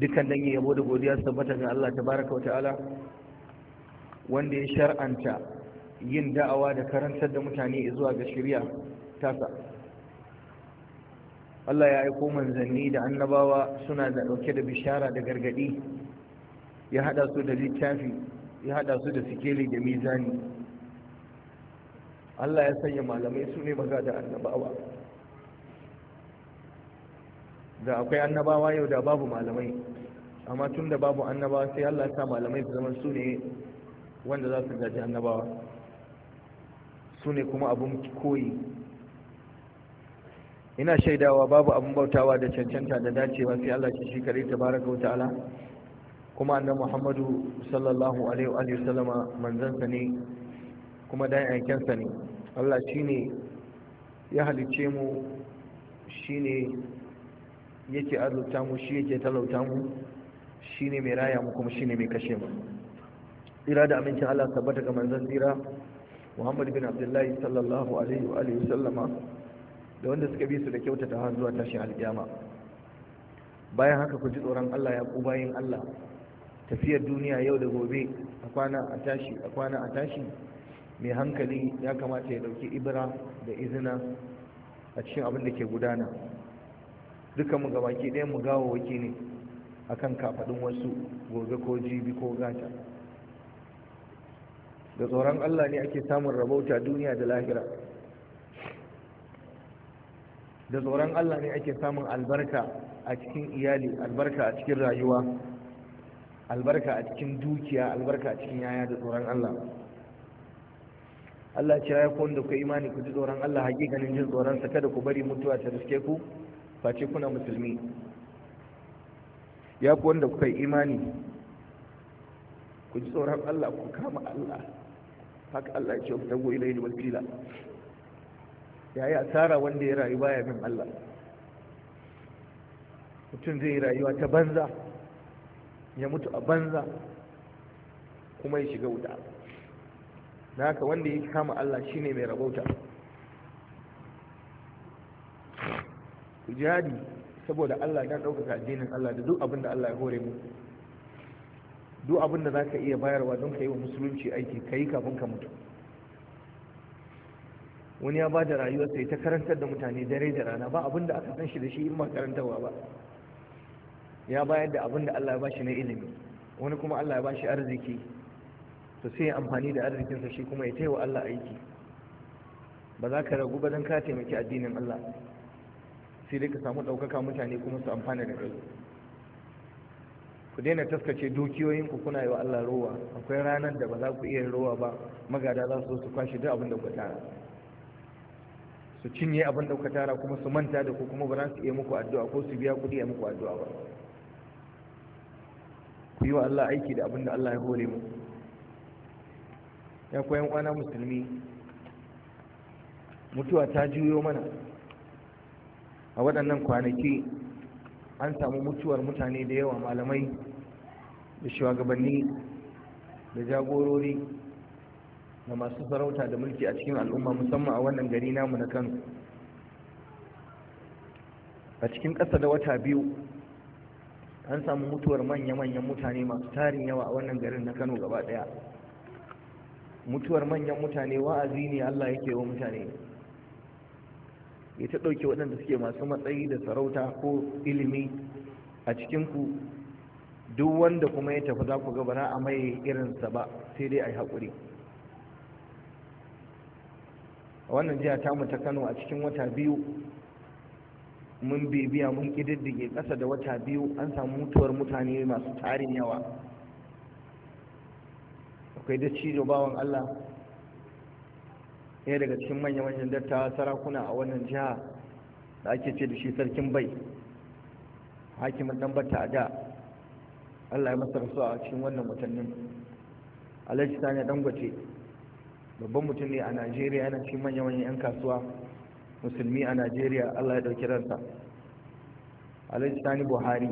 dukkan dan yabo da godiya su tabbata ga Allah tabaraka wata'ala wanda ya shar'anta yin da'awa da karantar da mutane zuwa ga shirya tasa Allah ya aiko manzanni da annabawa suna da dauke da bishara da gargadi ya hada su da littafi ya hada su da sikeli da mizani Allah ya sanya malamai su ne maza da annabawa da akwai annabawa yau da babu malamai amma tun da babu annabawa sai Allah ya sa malamai su zama su ne wanda za su gaji annabawa su ne kuma abun koyi ina shaidawa babu abun bautawa da cancanta da dacewa sai Allah shi ta tabaraka wa ta'ala kuma annabi Muhammadu sallallahu alaihi wa sallama manzansa ne kuma dan aikensa ne Allah shine ya halice mu shine yake azurta mu shi yake talauta mu shi ne mai raya mu kuma shi ne mai kashe mu tsira da amincin Allah tabbata ga manzan tsira Muhammad bin Abdullahi sallallahu alaihi wa alihi sallama da wanda suka bi su da kyautata har zuwa tashin alƙiyama bayan haka ku ji tsoron Allah ya ku bayin Allah tafiyar duniya yau da gobe a kwana a tashi a kwana a tashi mai hankali ya kamata ya dauki ibra da izina a cikin abin da ke gudana duka mu gabaki ɗaya mu gawawaki ne a kan kafaɗin wasu gobe ko jibi ko gata da tsoron Allah ne ake samun rabauta duniya da lahira da tsoron Allah ne ake samun albarka a cikin iyali albarka a cikin rayuwa albarka a cikin dukiya albarka a cikin yaya da tsoron Allah Allah ce ya ku wanda ku imani ku ji tsoron Allah hakikanin jin tsoron sa kada ku bari mutuwa ta riske ku face kuna musulmi ya ku wanda kuka yi imani ku ji tsoron Allah ku kama Allah haka Allah ce ku tago ilayhi wasila yi asara wanda ya rayu baya min Allah mutum zai rayuwa ta banza ya mutu a banza kuma ya shiga wuta na haka wanda ya kama Allah shine mai rabauta jihadi saboda Allah ya ɗaukaka addinin Allah da duk abin da Allah ya hore mu duk abin da za ka iya bayarwa don ka yi wa musulunci aiki ka yi kafin ka mutu wani ya bada da rayuwarsa ya ta karantar da mutane dare da rana ba abin da aka san shi da shi in ba karantarwa ba ya bayar da abin da Allah ya ba na ilimi wani kuma Allah ya ba shi arziki to sai ya amfani da arzikinsa shi kuma ya taiwa Allah aiki ba za ka ragu ba don ka taimaki addinin Allah sai dai ka samu ɗaukaka mutane kuma su amfana da kai ku daina taskace ku kuna yi wa Allah rowa akwai ranar da ba za ku iya rowa ba magada za su su kwashe duk abin da ku tara su cinye abin da ku tara kuma su manta da ku kuma ba za su iya muku addu'a ko su biya kuɗi a muku addu'a ba ku yi wa Allah aiki da abin da Allah ya hore mu ya koyan kwana musulmi mutuwa ta juyo mana a waɗannan kwanaki an samu mutuwar mutane da yawa malamai da shugabanni da jagorori da masu sarauta da mulki a cikin al'umma musamman a wannan gari namu na kano a cikin ƙasa da wata biyu an samu mutuwar manya-manyan mutane masu tarin yawa a wannan garin na kano gaba ɗaya mutuwar manyan mutane wa'azi ne allah yake wa mutane ya ta ɗauke waɗanda suke masu matsayi da sarauta ko ilimi a cikinku duk wanda kuma ya tafi za ku gabara a mai irinsa ba sai dai a yi haƙuri a wannan jiya ta tamu ta kano a cikin wata biyu mun bibiya mun ƙididdige ƙasa da wata biyu an samu mutuwar mutane masu tarin yawa akwai da bawan allah ɗaya daga cikin manya-manyan dattawa sarakuna a wannan jiha da ake ce da shi sarkin bai hakimin dan bata a da allah ya masa rasu a cikin wannan watannin alhaji sani dangote babban mutum ne a najeriya yana cikin manya-manyan 'yan kasuwa musulmi a najeriya allah ya ɗauki ransa alhaji sani buhari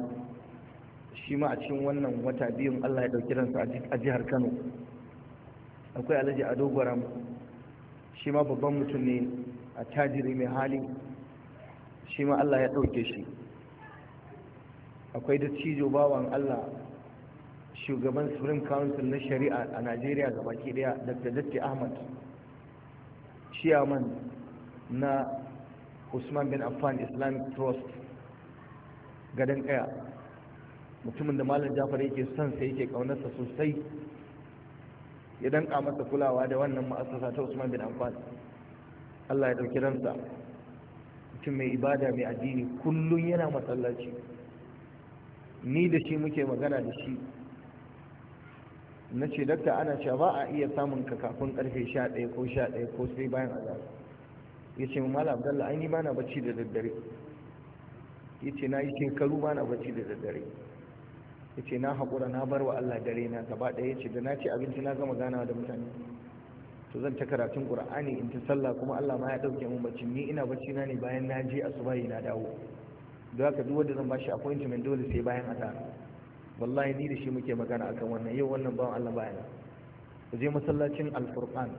shi ma a cikin wannan wata biyun allah ya ɗauki ransa a jihar kano akwai alhaji ado gwaram shi ma babban mutum ne a tajiri mai hali shi ma Allah ya ɗauke shi akwai da cijo bawan Allah shugaban supreme council na shari'a a najeriya ga baki daya dr datti ahmad chairman na usman bin affan islamic trust gadon kaya mutumin da malam jafar yake son sa yake kaunarsa sosai ya danka masa kulawa da wannan ma'asasa ta Usman bin Amfan. Allah ya dauki ransa mutum mai ibada mai addini kullum yana masallaci ni da shi muke magana da shi na ce dakta ana cewa ba a iya samun ka kafin karfe ɗaya ko sha ɗaya ko sai bayan azar ya ce mala abdallah ai ni ba na bacci da daddare ya ce na yi shekaru ba na bacci da daddare ya ce na haƙura na bar wa Allah dare na gaba ɗaya ce da na ce abinci na gama ganawa da mutane to zan ta karatun ƙur'ani in ta sallah kuma Allah ma ya ɗauke mun bacci ni ina bacci na ne bayan na je asubahi na dawo don haka duk wanda zan ba bashi appointment dole sai bayan azhar wallahi ni da shi muke magana akan wannan yau wannan bawan Allah baya ku je masallacin alfurqan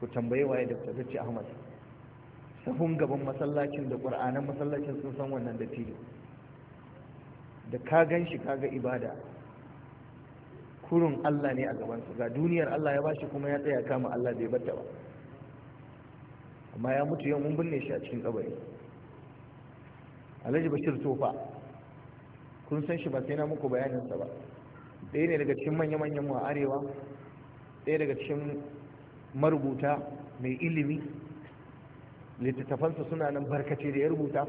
ku tambaye waye da tsaci Ahmad sahun gaban masallacin da ƙur'anan masallacin sun san wannan da tilo da ka gan shi ga ibada kurun Allah ne a gabansa ga duniyar Allah ya bashi kuma ya tsaya kama Allah bai bata ba amma ya mutu yau mun binne shi a cikin kabari Alhaji Bashir Tofa kun san shi ba sai na muku sa ba ɗaya ne daga cikin manya-manyan mu a arewa ɗaya daga cikin marubuta mai ilimi littattafansa suna nan barkace da ya rubuta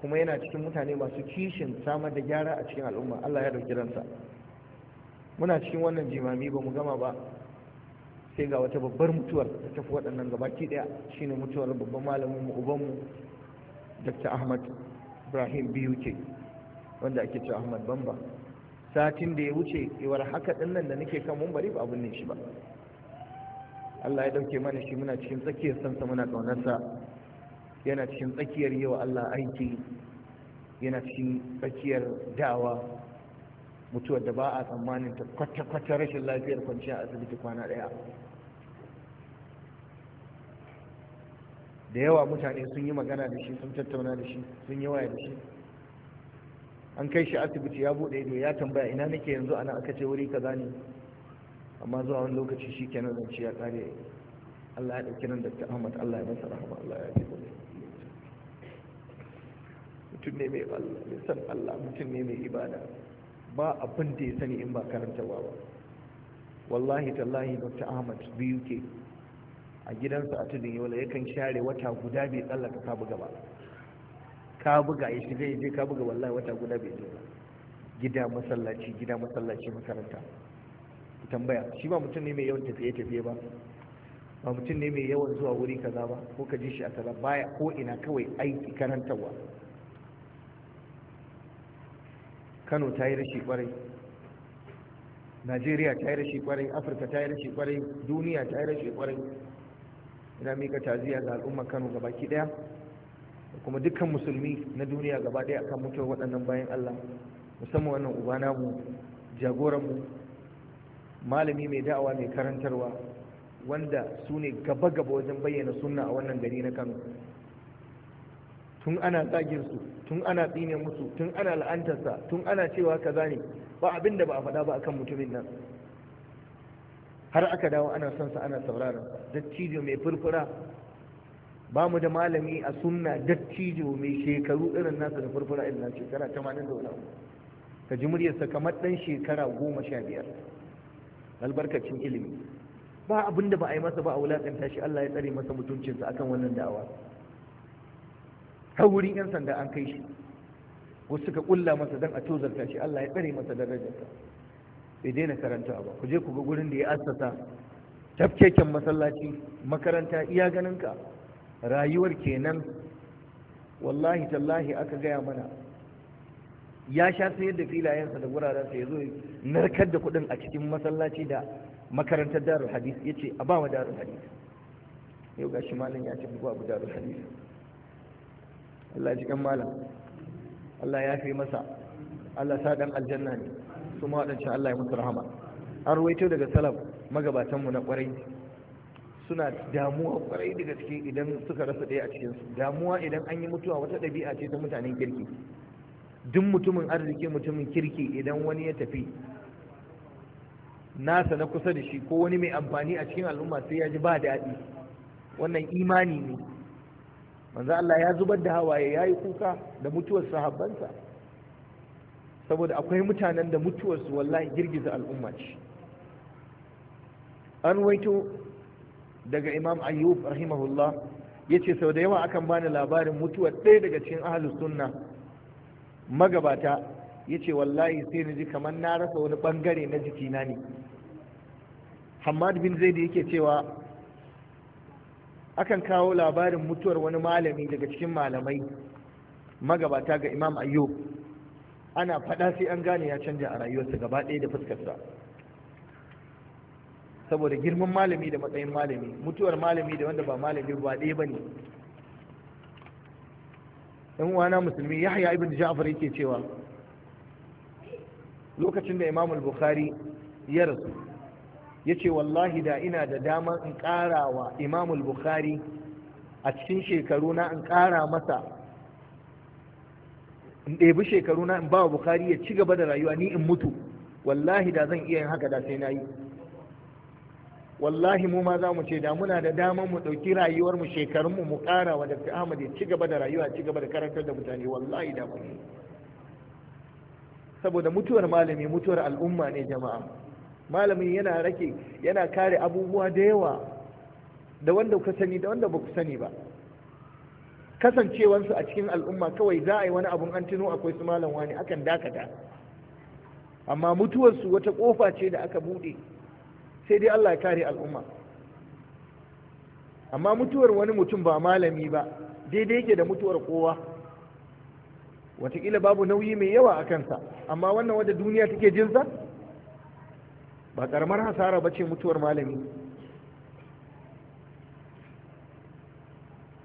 kuma yana cikin mutane masu kishin samar da gyara a cikin al'umma Allah ya dauki ransa muna cikin wannan jimami ba mu gama ba sai ga wata babbar mutuwar da tafi waɗannan gabaki ɗaya shine mutuwar babban malamin mu ubanmu Dr. Ahmad Ibrahim BUK wanda ake cewa Ahmad Bamba satin da ya wuce iwar haka ɗinnan da nake kan mun bari ba abin ne shi ba Allah ya ɗauke mana shi muna cikin tsakiyar sansa muna ƙaunarsa yana cikin tsakiyar yi wa Allah aiki yana cikin tsakiyar dawa mutuwar da ba a tsammanin ta kwata-kwata rashin lafiyar kwanciya a asibiti kwana ɗaya da yawa mutane sun yi magana da shi sun tattauna da shi sun yi waya da shi an kai shi asibiti ya buɗe ido ya tambaya ina nake yanzu ana aka ce wuri kaza ne amma zuwa wani lokaci shi kenan zance ya ƙare Allah ya ɗauki nan da ta Ahmad Allah ya masa rahama Allah ya ji mutum ne mai Allah mai san Allah mutum ne mai ibada ba abin da ya sani in ba karantawa ba wallahi tallahi dr ahmad ke a gidansa a tudun yola kan share wata guda bai tsallaka ka buga ba ka buga ya shiga ya je ka buga wallahi wata guda bai zo ba gida masallaci gida masallaci makaranta tambaya shi ba mutum ne mai yawan tafiye tafiye ba ba mutum ne mai yawan zuwa wuri kaza ba ko ka ji shi a kaza baya ko ina kawai aiki karantarwa kano ta yi rashi kwarai najeriya ta yi rashi kwarai afirka ta yi rashi kwarai duniya ta yi rashi kwarai ina mika taziya ga al'ummar kano gaba daya da kuma dukkan musulmi na duniya gaba daya akan mutuwar waɗannan bayan allah musamman wannan ubana mu jagoran mu malami mai da'awa mai karantarwa wanda su ne gaba-gaba wajen bayyana sunna a wannan gari na kano tun ana zagin su tun ana tsine musu tun ana la'antarsa tun ana cewa kaza ne ba abin da ba a faɗa ba akan mutumin nan har aka dawo ana son sa ana sauraron dattijo mai furfura ba mu da malami a sunna dattijo mai shekaru irin nasa da furfura irin nasa shekara tamanin da wani ka ji muryarsa kamar ɗan shekara goma sha biyar albarkacin ilimi ba abin da ba a yi masa ba a wulaƙanta shi Allah ya tsare masa mutuncinsa akan wannan da'awa ta wurin 'yan sanda an kai shi wasu suka kulla masa dan a tozarta shi Allah ya tsare masa darajarsa bai daina karanta ba ku je ku ga gurin da ya assasa tafkeken masallaci makaranta iya ganinka rayuwar kenan wallahi tallahi aka gaya mana ya sha sayar da filayensa da wurarensa ya zo narkar da kuɗin a cikin masallaci da makarantar darul hadis ya a ba wa darul hadis yau gashi shi ya ce abu darul hadis Allah ji kan malam Allah ya fi masa Allah sa dan aljanna ne su waɗancan Allah ya musu rahama an ruwaito daga salaf magabatan mu na kwarai suna damuwa kwarai da gaske idan suka rasa ɗaya a cikin su damuwa idan an yi mutuwa wata ɗabi'a ce ta mutanen kirki duk mutumin arziki mutumin kirki idan wani ya tafi nasa na kusa da shi ko wani mai amfani a cikin al'umma sai ya ji ba daɗi wannan imani ne manzo Allah ya zubar da hawaye yayi kuka da mutuwar sahabbansa saboda akwai mutanen da mutuwarsu wallahi girgiza al'umma ce an waito daga imam ayyub rahimahullah yace sau da yawa akan bani labarin mutuwar ɗaya daga cikin ahlus sunna magabata yace wallahi sai na ji kamar na rasa wani ɓangare na jikina ne hamad bin zaidi yake cewa akan kawo labarin mutuwar wani malami daga cikin malamai magabata ga imam ayyub ana faɗa sai an gane ya canja a rayuwarsa gaba ɗaya da fuskarsa saboda girman malami da matsayin malami mutuwar malami da wanda ba malami ba ɗaya ba ne ɗan uwana musulmi yahya ibn ja'far yake cewa lokacin da imam al-bukhari ya rasu ya ce wallahi da ina da dama in ƙara wa imamul bukhari a cikin shekaru na in ƙara masa in ɗebi shekaru na in ba wa bukhari ya ci gaba da rayuwa ni in mutu wallahi da zan iya yin haka da sai na yi wallahi mu ma za mu ce da muna da damar mu ɗauki rayuwar mu shekarun mu mu ƙara wa Dr. Ahmad ya ci gaba da rayuwa ci gaba da karantar da mutane wallahi da mu saboda mutuwar malami mutuwar al'umma ne jama'a malamin yana rake yana kare abubuwa da yawa da wanda ku sani da wanda ba ku sani ba kasancewansu a cikin al'umma kawai za a yi wani abun an tuno akwai su malam wani akan dakata amma mutuwarsu wata kofa ce da aka buɗe sai dai Allah ya kare al'umma amma mutuwar wani mutum ba malami ba daidai yake da mutuwar kowa watakila babu nauyi mai yawa a kansa amma wannan wadda duniya take jinsa ba karamar hasara ba ce mutuwar malami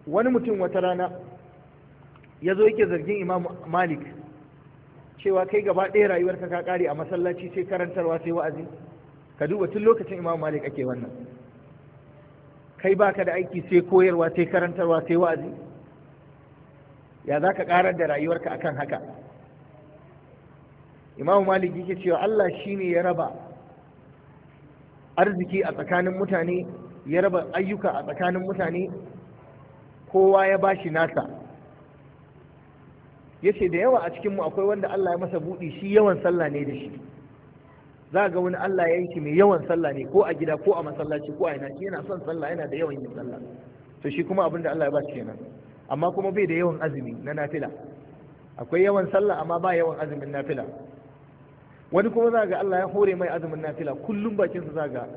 wani mutum wata rana ya zo yake zargin imam malik cewa kai gaba ɗaya rayuwarka ka kare a masallaci sai karantarwa sai wa'azi ka duba tun lokacin imam malik ake wannan kai baka da aiki sai koyarwa sai karantarwa sai wa'azi ya za ka ƙarar da rayuwarka akan haka imam malik yake cewa allah shine ya raba arziki a tsakanin mutane ya raba ayyuka a tsakanin mutane kowa ya ba shi nasa ya ce da yawa a cikinmu akwai wanda Allah ya masa buɗi shi yawan sallah ne da shi za ga wani Allah ya yanki mai yawan sallah ne ko a gida ko a masallaci ko a yana shi yana son sallah yana da yawan yin sallah to shi kuma abin da Allah ya ba shi kenan amma kuma bai da yawan azumi na nafila akwai yawan sallah amma ba yawan azumin nafila wani kuma za ga Allah ya hore mai azumin nafila kullum bakinsa za ga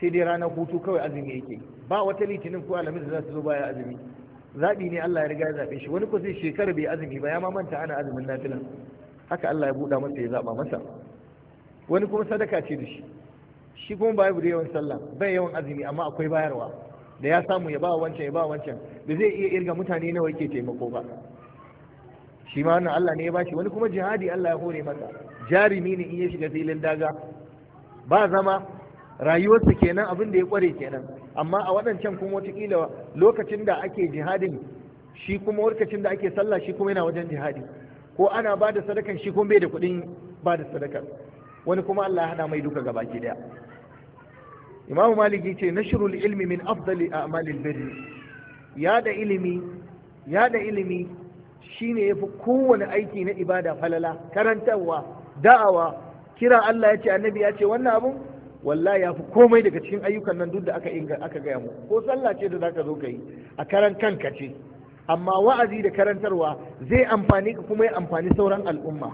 sai dai ranar hutu kawai azumi yake ba wata litinin ko alamin da za su zo baya azumi zaɓi ne Allah ya riga ya zaɓe shi wani ko sai shekara bai azumi ba ya ma manta ana azumin nafila haka Allah ya buɗa masa ya zaɓa masa wani kuma sadaka ce da shi shi kuma ba da yawan sallah bai yawan azumi amma akwai bayarwa da ya samu ya ba wancan ya ba wancan da zai iya irga mutane nawa yake taimako ba shi ma wannan Allah ne ya bashi wani kuma jihadi Allah ya hore masa jarumi ne in ya shiga filin daga ba zama rayuwarsa kenan abin da ya kware kenan amma a waɗancan kuma watakila lokacin da ake jihadin shi kuma lokacin da ake sallah shi kuma yana wajen jihadi ko ana ba da sadakan shi kuma bai da kuɗin ba da sadakar wani kuma Allah ya haɗa mai duka gaba ki daya Imam maliki ce nashrul ilmi min afdali a'malil birri yada ilimi yada ilimi shine yafi kowane aiki na ibada falala karantarwa da'awa kira Allah ya ce annabi ya ce wannan abun wallahi ya fi komai daga cikin ayyukan nan duk da aka inga aka gaya mu ko sallah ce da zaka zo ka a karan kanka ce amma wa'azi da karantarwa zai amfani ka kuma ya amfani sauran al'umma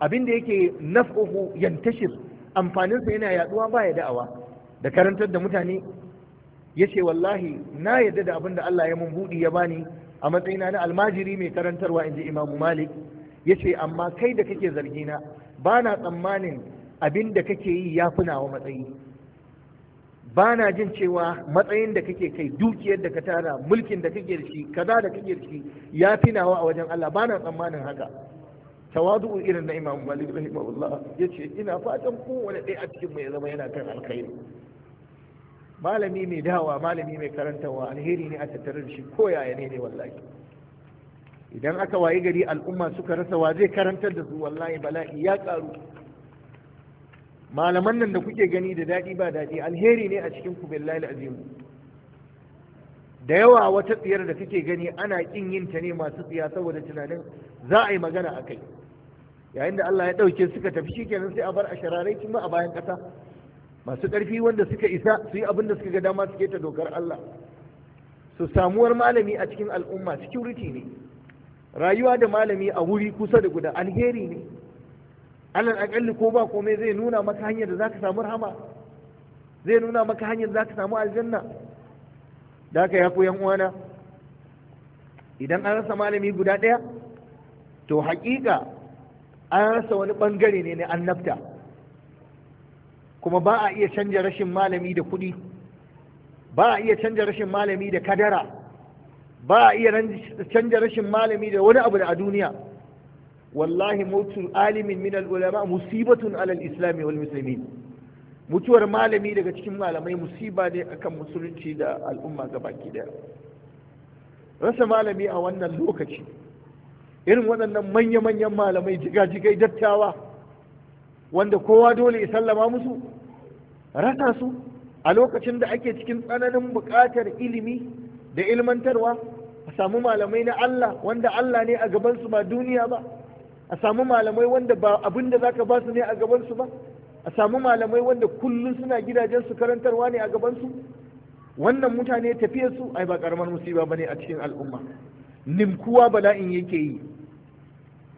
abin da yake naf'uhu yantashir amfaninsa yana yaduwa ba ya da'awa da karantar da mutane yace wallahi na yadda da abin da Allah ya mun budi ya bani a matsayina na almajiri mai karantarwa inji Imamu Malik yace amma kai da kake zargina ba na tsammanin abin da kake yi ya fi nawa matsayi ba na jin cewa matsayin da kake kai dukiyar da ka tara mulkin da kake da shi kaza da kake da shi ya fi nawa a wajen Allah ba na tsammanin haka tawadu irin na Imam Malik rahimahullah yace ina fatan kowane ɗaya a cikin mai zama yana kan alkhairi malami mai dawa malami mai karantawa alheri ne a tattare da shi ko yaya ne ne wallahi idan aka waye gari al'umma suka rasa wa zai karantar da su wallahi bala'i ya karu malaman nan da kuke gani da daɗi ba daɗi alheri ne a cikin ku billahi da yawa wata tsiyar da kake gani ana kin yin ta ne masu tsiya saboda tunanin za a yi magana a kai yayin da Allah ya ɗauke suka tafi shikenan sai a bar a shararai a bayan ƙasa masu ƙarfi wanda suka isa su yi abin da suka ga dama suke ta dokar Allah su samuwar malami a cikin al'umma security ne rayuwa da malami a wuri kusa da guda alheri ne alal akalli ko ba komai zai nuna maka hanyar da zaka samu rahama zai nuna maka hanyar da zaka samu aljanna da haka ya koyan uwana idan an rasa malami guda ɗaya to haƙiƙa an rasa wani ɓangare ne na annabta kuma ba a iya canja rashin malami da kuɗi ba a iya canja rashin malami da kadara ba a iya canja rashin malami da wani abu da a duniya wallahi mutu alimin min al-ulama musibatun alal islami wal muslimin mutuwar malami daga cikin malamai musiba ne akan musulunci da al'umma gabaki daya rasa malami a wannan lokaci irin waɗannan manya-manyan malamai jigajigai dattawa wanda kowa dole ya sallama musu rasa su a lokacin da ake cikin tsananin buƙatar ilimi da ilmantarwa a samu malamai na Allah wanda Allah ne a gabansu ba duniya ba a samu malamai wanda ba abin da zaka ba su ne a gabansu ba a samu malamai wanda kullum suna gidajen su karantarwa ne a gabansu wannan mutane tafiyar su ai ba karamar musiba bane a cikin al'umma nimkuwa bala'in yake yi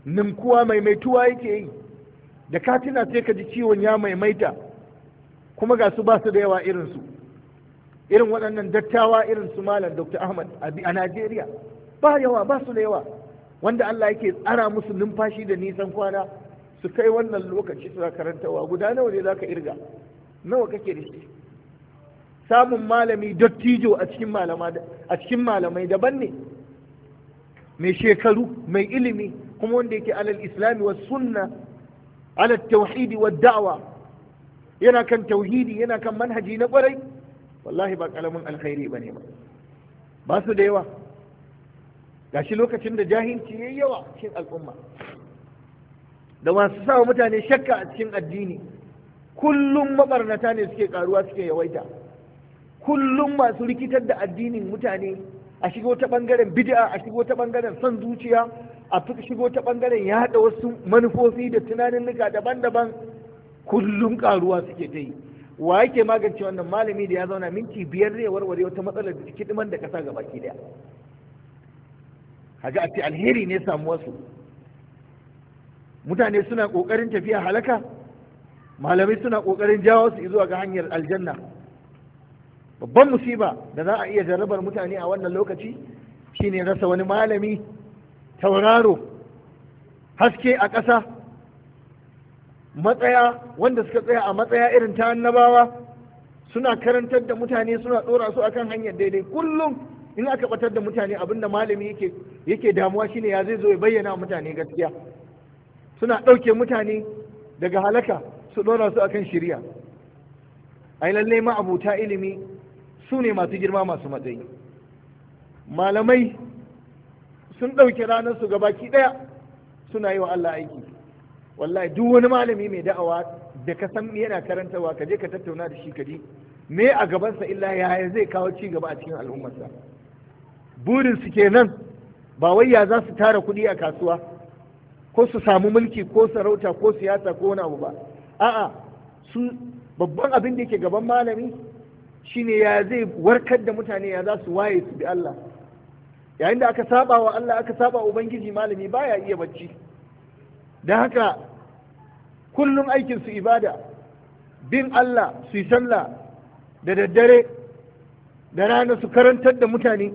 nimkuwa maimaituwa yake yi da katina sai ka ji ciwon ya maimaita kuma ga su ba su da yawa irin su irin waɗannan dattawa irin su malam dr ahmad abi a najeriya ba yawa ba su da yawa wanda allah yake tsara musu numfashi da nisan kwana su kai wannan lokaci suna karantawa guda nawa ne zaka irga nawa kake da shi samun malami dattijo a cikin malamai daban ne mai shekaru mai ilimi kuma wanda yake alal islami wa sunna alal tauhidi wa da'awa yana kan tauhidi yana kan manhaji na kwarai wallahi ba kalamin alkhairi ba ne ba ba su da yawa Ga shi lokacin da jahilci yi yawa cikin al'umma da masu sa mutane shakka a cikin addini kullum mabarnata ne suke karuwa suke yawaita kullum masu rikitar da addinin mutane a shigo ta bangaren bid'a a shigo ta bangaren son zuciya a shigo ta bangaren haɗa wasu manufofi da tunanin daban-daban kullum karuwa suke ta yi wa yake magance wannan malami da ya zauna minti biyar ya warware wata matsalar da diman da kasa gaba baki daya Haga ati alheri ne samu wasu mutane suna kokarin tafiya halaka malamai suna kokarin jawo su zuwa ga hanyar aljanna babban musiba da za a iya jarabar mutane a wannan lokaci shine rasa wani malami tauraro haske a ƙasa matsaya wanda suka tsaya a matsaya irin ta annabawa suna karantar da mutane suna ɗora su akan hanyar daidai kullum in aka batar da mutane abinda malami yake yake damuwa shine ya zai zo ya bayyana mutane gaskiya suna ɗauke mutane daga halaka su ɗora su akan shirya ai lalle ma abuta ilimi su ne masu girma masu matsayi malamai sun ɗauke ranar su gabaki ɗaya suna yi wa Allah aiki wallahi duk wani malami mai da'awa da ka san yana karantarwa ka je ka tattauna da shi kadi me a gabansa illa yaya zai kawo ci gaba a cikin al'ummarsa burin su kenan ba wai ya za su tara kuɗi a kasuwa ko su samu mulki ko sarauta ko siyasa ko wani abu ba a'a su babban abin da yake gaban malami shine ya zai warkar da mutane ya za su waye su bi Allah yayin da aka saba wa Allah aka saba ubangiji malami baya iya bacci da haka kullum aikinsu ibada bin Allah su yi sallah da daddare da rana su karantar da mutane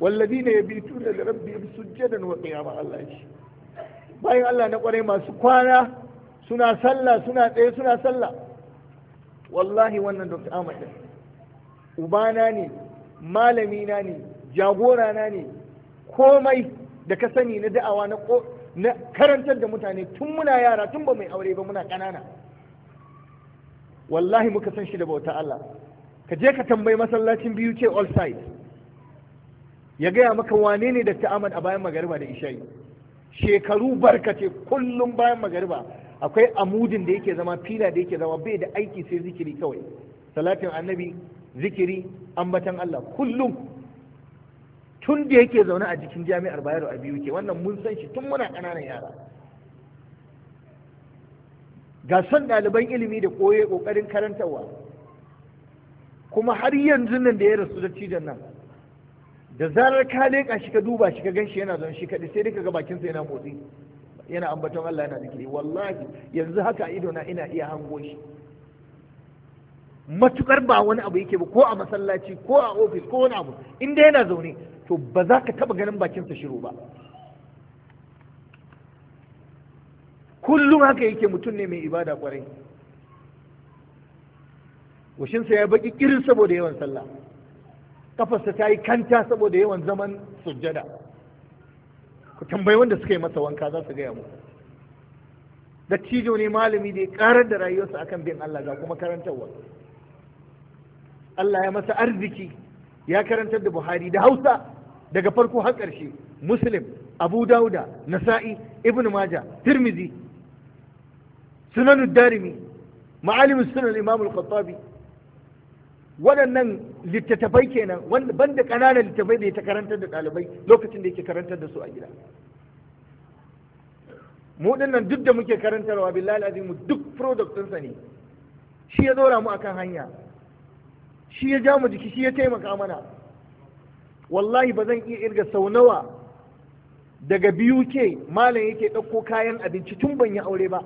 wallazi ne ya bitu da rabbi sujjadan wa qiyama Allah shi bayan Allah na kwarai masu kwana suna sallah suna tsaye suna sallah wallahi wannan Dr. Ahmad ubana ne malami na ne jagora na ne komai da ka sani na da'awa na na karantar da mutane tun muna yara tun ba mai aure ba muna kanana. wallahi muka san shi da bauta Allah ka je ka tambayi masallacin biyu ce all side ya gaya maka wane ne da Ahmad a bayan magariba da isha'i shekaru barkace kullum bayan magariba akwai amudin da yake zama fila da yake zama bai da aiki sai zikiri kawai salatin annabi zikiri ambatan Allah kullum tun da yake zaune a jikin jami'ar bayero a biyu ke wannan mun san shi tun muna kananan yara ga son ɗaliban ilimi da koye ƙoƙarin karantarwa kuma har yanzu nan da ya rasu da cijan nan da zarar ka leƙa shi ka duba shi ka gan shi yana zaune shi kaɗai sai dai ka ga bakinsa yana motsi yana ambaton Allah yana zikiri wallahi yanzu haka a idona ina iya hango shi matukar ba wani abu yake ba ko a masallaci ko a ofis ko wani abu inda yana zaune to ba za ka taba ganin bakinsa shiru ba kullum haka yake mutum ne mai ibada kwarai washinsa ya baki irin saboda yawan sallah kafarsa ta yi kanta saboda yawan zaman sujjada ku tambayi wanda suka yi masa wanka za su gaya muku dattijo ne malami da ya karar da rayuwarsa akan bin Allah ga kuma karantarwa Allah ya masa arziki ya karantar da Buhari da Hausa daga farko har ƙarshe muslim abu dauda nasa'i ibn maja tirmizi sunanu darimi ma'alimin sunan al khattabi waɗannan littattafai kenan wanda banda ƙananan littattafai da ta karantar da ɗalibai lokacin da yake karantar da su a gida mu nan duk da muke karantarwa billahi azim duk product ɗinsa ne shi ya dora mu akan hanya shi ya ja mu jiki shi ya taimaka mana wallahi ba zan iya irga sau nawa daga biyu ke malam yake ɗauko kayan abinci tun ban yi aure ba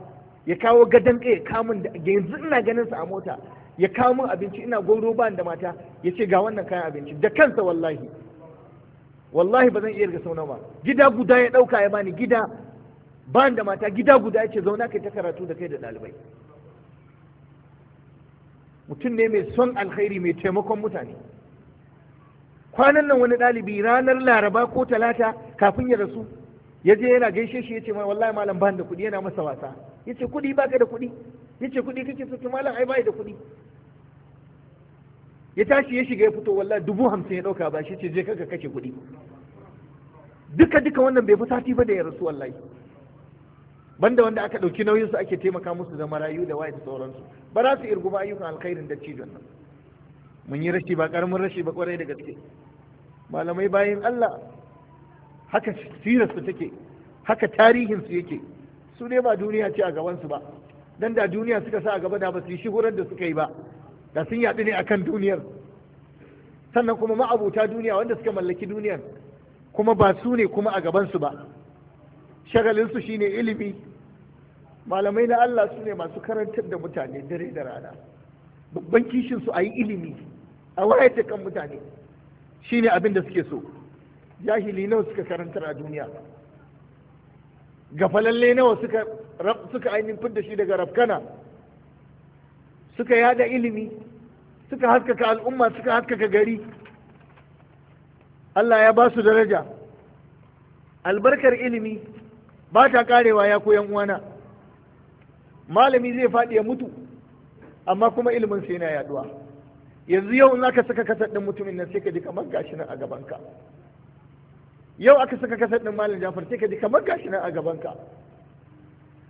ya kawo gadon ɗaya kamun da yanzu ina ganin sa a mota ya kawo min abinci ina goro ba da mata ya ce ga wannan kayan abinci da kansa wallahi wallahi ba zan iya irga sau nawa gida guda ya ɗauka ya bani gida ba da mata gida guda ya ce zauna kai ta karatu da kai da ɗalibai mutum ne mai son alkhairi mai taimakon mutane kwanan nan wani ɗalibi ranar laraba ko talata kafin ya rasu ya je yana gaishe shi ya ce mai wallahi malam ban da kuɗi yana masa wasa ya ce kuɗi baka da kuɗi ya ce kuɗi kake so malam ai bai da kuɗi ya tashi ya shiga ya fito wallahi dubu hamsin ya ɗauka ba shi ce je kaka kake kuɗi duka duka wannan bai fi sati ba da ya rasu wallahi banda wanda aka ɗauki nauyinsu ake taimaka musu da marayu da waye da sauransu ba za su irguba ayyukan alkhairin da cijon nan mun yi rashi ba karamin rashi ba kwarai da gaske malamai bayan Allah haka su take haka tarihinsu yake su ne ba duniya ce a gabansu ba dan da duniya suka sa a gaba da ba su yi shihurar da suka yi ba da sun yaɗu ne akan duniyar sannan kuma ma'abuta duniya wanda suka mallaki duniyar kuma ba su ne kuma a gabansu ba shagalinsu shine ilimi malamai na Allah su ne masu karantar da mutane dare da rana babban kishinsu a yi ilimi a wayar da kan mutane shine abin da suke so jahili nawa suka karanta a duniya gafalalle nawa suka suka ainihin fidda shi daga rafkana suka yada ilimi suka haskaka al'umma suka haskaka gari Allah ya ba su daraja albarkar ilimi ba ta karewa ya koyan uwana malami zai faɗi ya mutu amma kuma ilimin sai yana yaduwa yanzu yau za ka saka kasar ɗin mutumin nan sai ka ji kamar gashi nan a gabanka yau aka saka kasar ɗin malam jafar sai ka ji kamar gashi nan a gabanka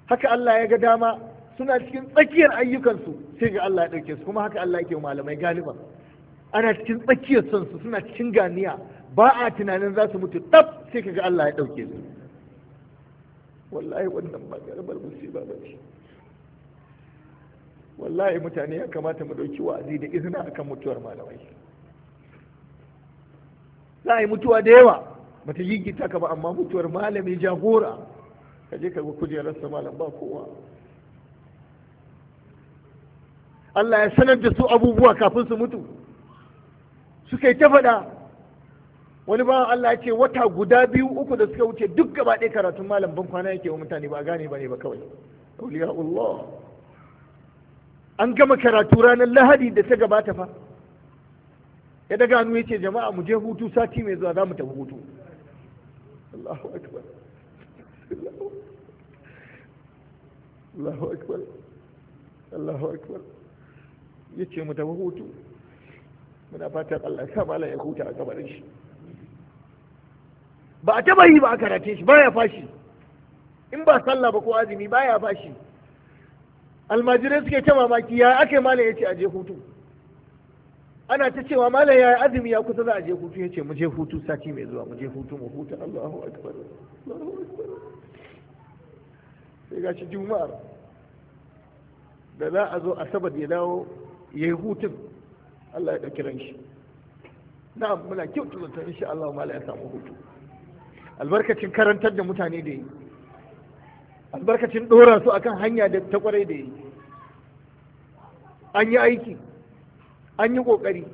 haka Allah ya ga dama suna cikin tsakiyar ayyukansu sai ga Allah ya ɗauke su kuma haka Allah yake malamai galiba ana cikin tsakiyar son su suna cikin ganiya ba a tunanin za su mutu ɗaf sai ka ga Allah ya ɗauke su wallahi wannan ba garbar musiba ba ce wallahi mutane ya kamata mu ɗauki wa'azi da izina akan mutuwar malamai za a yi mutuwa da yawa bata gita ka ba amma mutuwar malami jagora ka je ka ga kujerarsa malam ba kowa Allah ya sanar da su abubuwa kafin su mutu suka yi ta faɗa wani ba Allah ya ce wata guda biyu uku da suka wuce duk gaba ɗaya karatun malam ban kwana yake wa mutane ba gane ba ne ba kawai auliya Allah an gama karatu ranar lahadi da ta gabata fa ya daga hannu ya ce jama'a mu je hutu sati mai zuwa za mu tafi hutu Allahu akbar Allahu akbar Allahu akbar ya ce mu tafi hutu muna fatan Allah ya malam ya huta a kabarin shi ba a taba yi ba a karate shi ba ya fashi in ba sallah ba ko azumi ba ya fashi almajirai suke ta mamaki ya ake malam ya ce a je hutu ana ta cewa malam ya azumi ya kusa za a je hutu ya ce mu je hutu sati mai zuwa mu je hutu mu huta Allahu akbar sai ga shi juma'ar da za a zo asabar ya dawo ya yi hutun Allah ya ɗauki ran shi na'am muna kyautu zata insha Allah malam ya samu hutu albarkacin karantar da mutane da yi albarkacin ɗora su akan hanya da ta kwarai da yi an yi aiki an yi ƙoƙari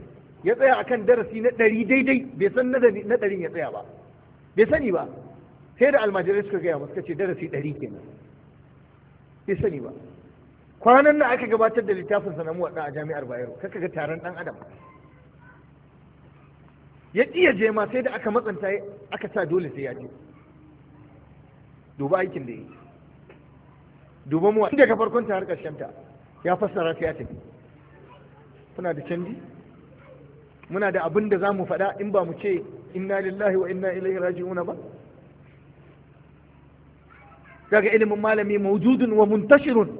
ya tsaya akan darasi na ɗari daidai bai san na ɗarin ya tsaya ba bai sani ba sai da almajirai suka gaya masu ce darasi ɗari kenan bai sani ba kwanan na aka gabatar da littafin sanamu waɗa a jami'ar bayero kaka ga taron ɗan adam ya iya je ma sai da aka matsanta aka sa dole sai ya je duba aikin da ya yi duba mu inda ka farkon ta har ta ya fassara ta ya tafi muna da canji muna da abin da za mu faɗa in ba mu ce inna lillahi wa inna ilaihi raji'un ba daga ilimin malami mawjudun wa muntashirun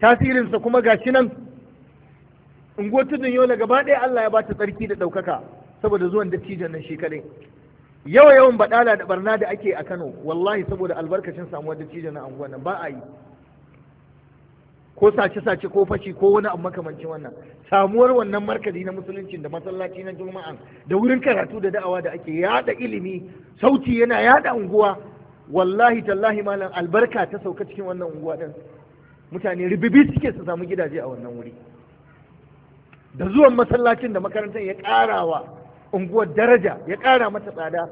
tasirinsa kuma gashi nan unguwar tudun yau gaba ɗaya Allah ya ba ta tsarki da ɗaukaka saboda zuwan dattijan nan shi kaɗai yawa yawan badala da barna da ake a Kano wallahi saboda albarkacin samuwar da cijin na anguwan nan ba a yi ko sace-sace ko fashi ko wani abu makamancin wannan samuwar wannan markazi na musulunci da masallaci na juma'an da wurin karatu da da'awa da ake yada ilimi sauti yana yada unguwa wallahi tallahi malam albarka ta sauka cikin wannan unguwa din mutane ribibi suke su samu gidaje a wannan wuri da zuwan masallacin da makarantar ya karawa unguwar daraja ya ƙara mata tsada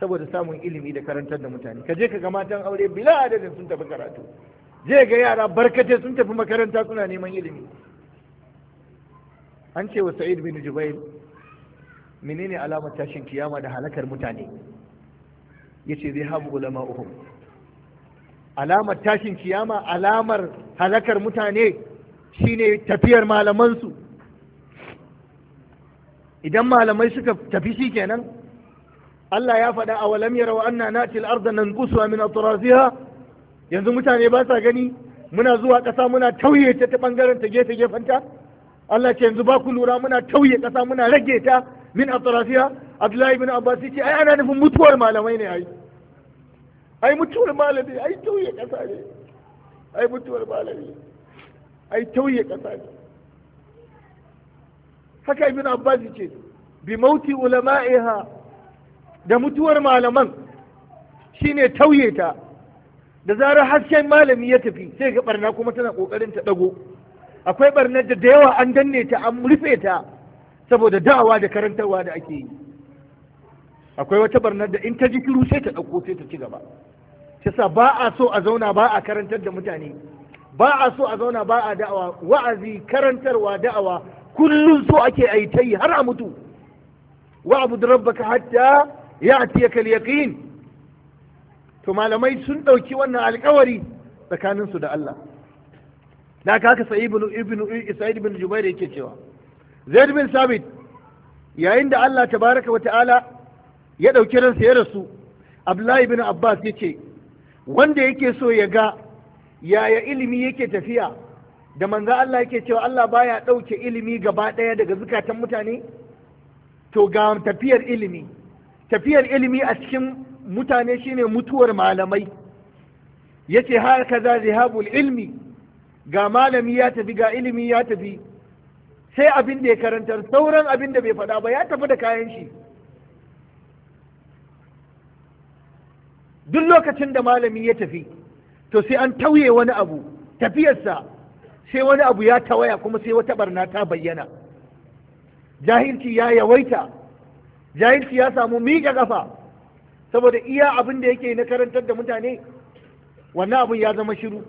saboda samun ilimi da karantar da mutane ka je ka ga matan aure bila adadin sun tafi karatu je ga yara barkate sun tafi makaranta suna neman ilimi an ce wa sa'id bin jubair menene alamar tashin kiyama da halakar mutane yace zai habu ulama uhum alamar tashin kiyama alamar halakar mutane shine tafiyar malamansu idan malamai suka tafi shi kenan Allah ya faɗa a walam yarawa anna natil arda nan kusuwa min atrafiha yanzu mutane ba sa gani muna zuwa ƙasa muna tauye ta ta bangaren ta gefe ta. Allah ce yanzu ba ku lura muna tauye ƙasa muna rage ta min atrafiha Abdullahi bin Abbas ce ai ana nufin mutuwar malamai ne ai ai mutuwar malamai ai tauye ƙasa ne ai mutuwar malami ai tauye ƙasa ne haka ibn abbas ce bi mauti ulama'iha da mutuwar malaman shine tauye ta da zarar hasken malami ya tafi sai ga barna kuma tana kokarin ta dago akwai barnar da da yawa an danne ta an rufe ta saboda da'awa da karantarwa da ake yi akwai wata barnar da in ta ji kiru sai ta dauko sai ta ci gaba yasa ba a so a zauna ba a karantar da mutane ba a so a zauna ba a da'awa wa'azi karantarwa da'awa kullum so ake a ta yi har a mutu wa abu da ka hatta ya atiya kal yaqin to malamai sun ɗauki wannan alkawari tsakaninsu da Allah da haka sa'id ibn ibn sa'id ibn jubair yake cewa zaid bin sabit yayin da Allah tabaraka wa ta'ala ya ɗauki ransa ya rasu abdullahi bin abbas yace wanda yake so ya ga yaya ilimi yake tafiya da manzo Allah yake cewa Allah baya ɗauke ilimi gaba ɗaya daga zukatan mutane to ga tafiyar ilimi tafiyar ilimi a cikin mutane shine mutuwar malamai yace har za zihabul ilmi ga malami ya tafi ga ilimi ya tafi sai abin da ya karantar sauran abin da bai faɗa ba ya tafi da kayan shi duk lokacin da malami ya tafi to sai an tauye wani abu tafiyarsa sai wani abu ya tawaya kuma sai wata barna ta bayyana jahilci ya yawaita jahilci ya samu miƙa ƙafa saboda iya abin da yake na karantar da mutane wannan abin ya zama shiru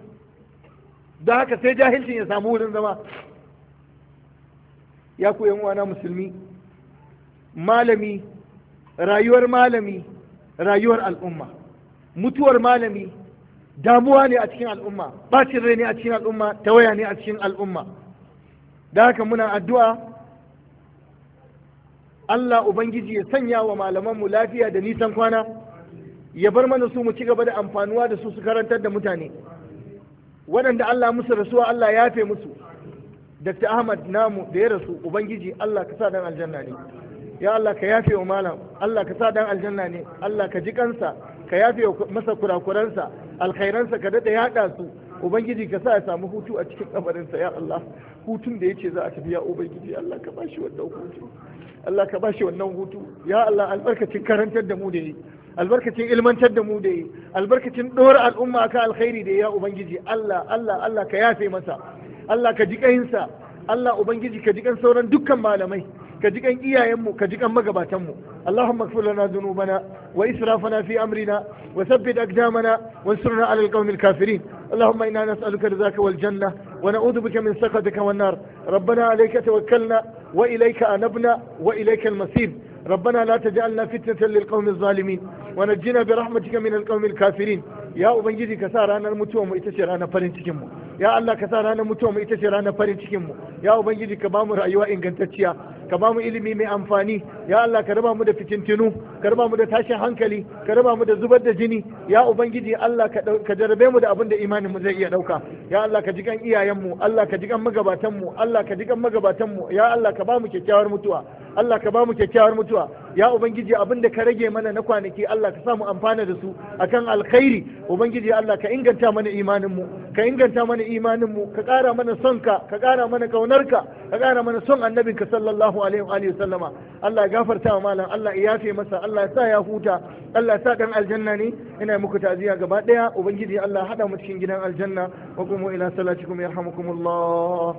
don haka sai jahilcin ya samu wurin zama ya ku uwana musulmi malami rayuwar malami rayuwar al'umma mutuwar malami damuwa ne a cikin al'umma bacin rai ne a cikin al'umma waya ne a cikin al'umma da haka muna addu'a Allah Ubangiji ya sanya wa malamanmu lafiya da nisan kwana ya bar mana su mu ci gaba da amfanuwa da su su karantar da mutane waɗanda Allah musu rasuwa Allah ya fe musu Dr. Ahmad namu da ya rasu Ubangiji Allah ka sa dan aljanna ne ya Allah ka yafe wa malam Allah ka sa dan aljanna ne Allah ka ji kansa ka yafe masa kurakuransa alkhairansa ka daɗa yaɗa su ubangiji ka sa ya samu hutu a cikin kamarinsa ya Allah hutun da yace za a tafi ya ubangiji Allah ka bashi wannan hutu Allah ka bashi wannan hutu ya Allah albarkacin karantar da mu da yi albarkacin ilmantar da mu da yi albarkacin ɗora al'umma ka alkhairi da ya ubangiji Allah Allah Allah ka yafe masa Allah ka ji kayinsa Allah ubangiji ka ji kan sauran dukkan malamai ka ji kan iyayenmu ka ji kan magabatanmu Allahumma ighfir lana dhunubana wa israfana fi amrina wa thabbit aqdamana wansurna 'ala al-qawmi al-kafirin اللهم إنا نسألك رضاك والجنة ونعوذ بك من سخطك والنار ربنا عليك توكلنا وإليك أنبنا وإليك المصير ربنا لا تجعلنا فتنة للقوم الظالمين ونجنا برحمتك من القوم الكافرين يا أبنجي كسار أنا المتوم وإتشير أنا فرنتكم ya Allah ka sa ranar mutuwa mu ita ce ranar farin cikin mu ya ubangiji ka ba mu rayuwa ingantacciya ka ba mu ilimi mai amfani ya Allah ka raba mu da fitintinu ka raba mu da tashin hankali ka raba mu da zubar da jini ya ubangiji Allah ka jarabe mu da abin da imanin mu zai iya dauka ya Allah ka jigan iyayen mu Allah ka jigan magabatan mu Allah ka jigan magabatan mu ya Allah ka ba mu kyakkyawar mutuwa Allah ka ba mu kyakkyawar mutuwa ya ubangiji abin da ka rage mana na kwanaki Allah ka samu amfana da su akan alkhairi ubangiji Allah ka inganta mana imanin mu ka inganta mana imanin mu ka ƙara mana son ka ka ƙara mana kaunarka ka ƙara mana son annabinka sallallahu alaihi wa alihi sallama Allah ya gafarta wa malam Allah ya yafe masa Allah ya sa ya huta Allah ya sa dan aljanna ne ina muku ta'ziya gaba daya ubangiji Allah hada mu cikin gidan aljanna wa kuma ila salatikum yarhamukumullah